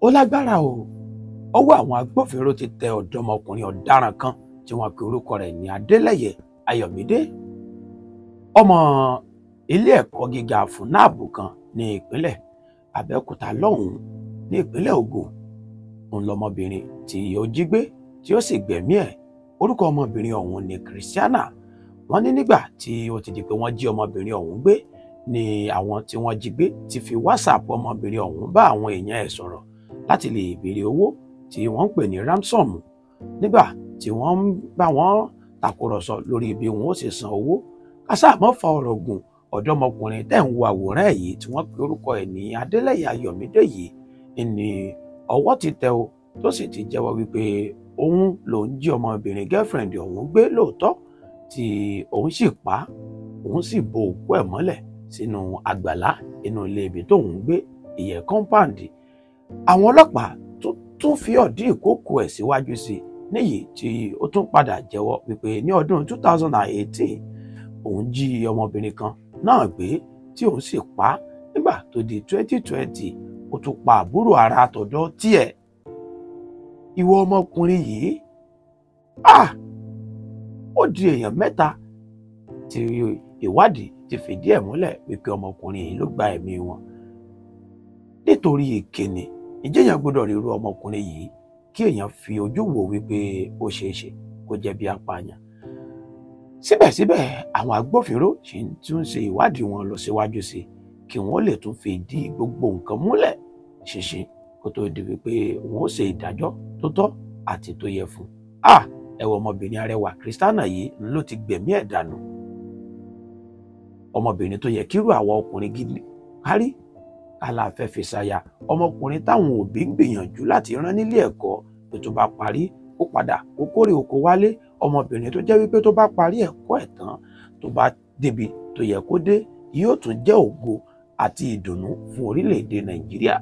ó lágbára o ọwọ́ àwọn agbófinró ti tẹ ọ̀dọ́mọkùnrin ọ̀daràn kan tí wọ́n pe orúkọ rẹ̀ ní adélẹ́yẹ ayọ̀mídé ọmọ ilé ẹ̀kọ́ gíga fúnáàbù kan ní ìpínlẹ̀ abẹ́òkúta lọ́hùn-ún ní ìpínlẹ̀ ògùn òun lọmọbìnrin tí ó jí gbé tí ó sì gbẹ̀mí ẹ̀ orúkọ ọmọbìnrin ọ̀hún ni christiana wọ́n ní nígbà tí ó ti di pé wọ́n jí ọmọbìnrin ọ̀hún gbé ni àwọn tí wọ́n jí gbé ti fi whatsapp ọmọbìnrin ọ̀hún bá àwọn èèyàn ẹ̀ sọ̀rọ̀ láti lè béèrè owó tí wọ́n ń pè ní ransom nígbà tí wọ́n ń bá wọn tàkúrọ̀sọ lórí bí wọn ó ṣe san owó kásáàmọ́ fa ọ̀rọ̀ gùn ọ̀dọ́mọkùnrin tẹ́ ń wo àwòrán ẹ̀ tí wọ́n pe orúkọ ẹ̀ ní adélẹ́yà yọ̀mídé yìí ni ọwọ́ ti tẹ o tó sì ti jẹ́wọ́ wípé òun lòún jí ọmọbìnrin girlfriend ọ̀hún gbé lóòótọ́ tí òun sì pa òun sì bo òkú ẹ̀ mọ́lẹ̀ sínú àgbàlá inú ilé ibi tóun gbé ìyẹn kọ́ńpáàndì àwọn ọlọ́pàá tó tún fi ọ̀dí ìkókò ẹ̀ síwájú sí níyì tí ó tún padà jẹ́wọ́ wípé ní ọdún 2018 òun jí ọmọbìnrin kan náà gbé tí òun sì pa á nígbà tó di 2020 ó tún pa àbúrò ara àtọ̀dọ́ tiẹ̀ ìwọ ọmọkùnrin yìí ah ó di èèyàn mẹ́ta tí ìwádìí ti fìdí ẹ̀ múlẹ̀ wípé ọmọkùnrin yìí ló gba ẹ̀mí wọn nítorí ìkíni ìjẹyàn gbọ́dọ̀ ríru ọmọkùnrin yìí kí èèyàn fi ojú wò wípé ó ṣeé ṣe kó jẹ́ bí apààyàn síbẹ̀síbẹ̀ àwọn agbófinró ṣì ń tún ṣe ìwádìí wọn lọ síwájú sí kí wọ́n lè tún fìdí gbogbo nǹkan múlẹ̀ ṣinṣin kó tó di wípé wọn ó ṣe ìdájọ́ tó tọ́ àti tó yẹ fún un. Ah! ẹ wò ọmọbìnrin arẹwà kristiana yìí ló ti gbẹ̀mí ẹ̀ dànù ọmọbìnrin tó yẹ kírú àwọn ọkùnrin gidi kárí aláfẹ́ fi ṣaya ọmọkùnrin táwọn òbí ń gbìyànjú láti rán nílé ẹ̀kọ́ tó tó bá parí ó padà ó kórè oko wálé ọmọbìnrin tó jẹ́ wípé tó bá parí ẹ̀kọ́ ẹ̀ tán tó bá débi tó yẹ kó dé yóò tún jẹ́ ògo àti ìdùnnú fún orílẹ̀-èdè nàìjíríà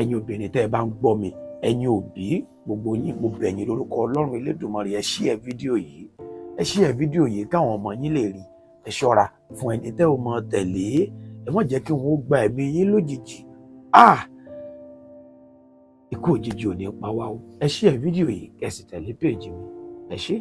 ẹ̀yin obìnrin tẹ́ ẹ bá ń gbọ́ mi ẹ̀yin òbí gbogbo yín mo bẹ̀ lórúkọ ọlọ́run elédùnmarè ẹ ṣí ẹ fídíò yìí ẹ ṣí ẹ fídíò yìí káwọn ọmọ yín lè rí ẹ ṣọ́ra fún ẹni tẹ́ ò mọ tẹ̀lé ẹ má jẹ́ kí wọn ó gba ẹ̀mí yín lójijì ah ikú òjijì ò ní pa wá o ẹ ṣí ẹ fídíò yìí kẹ́ sì tẹ̀lé péèjì mi ẹ ṣé.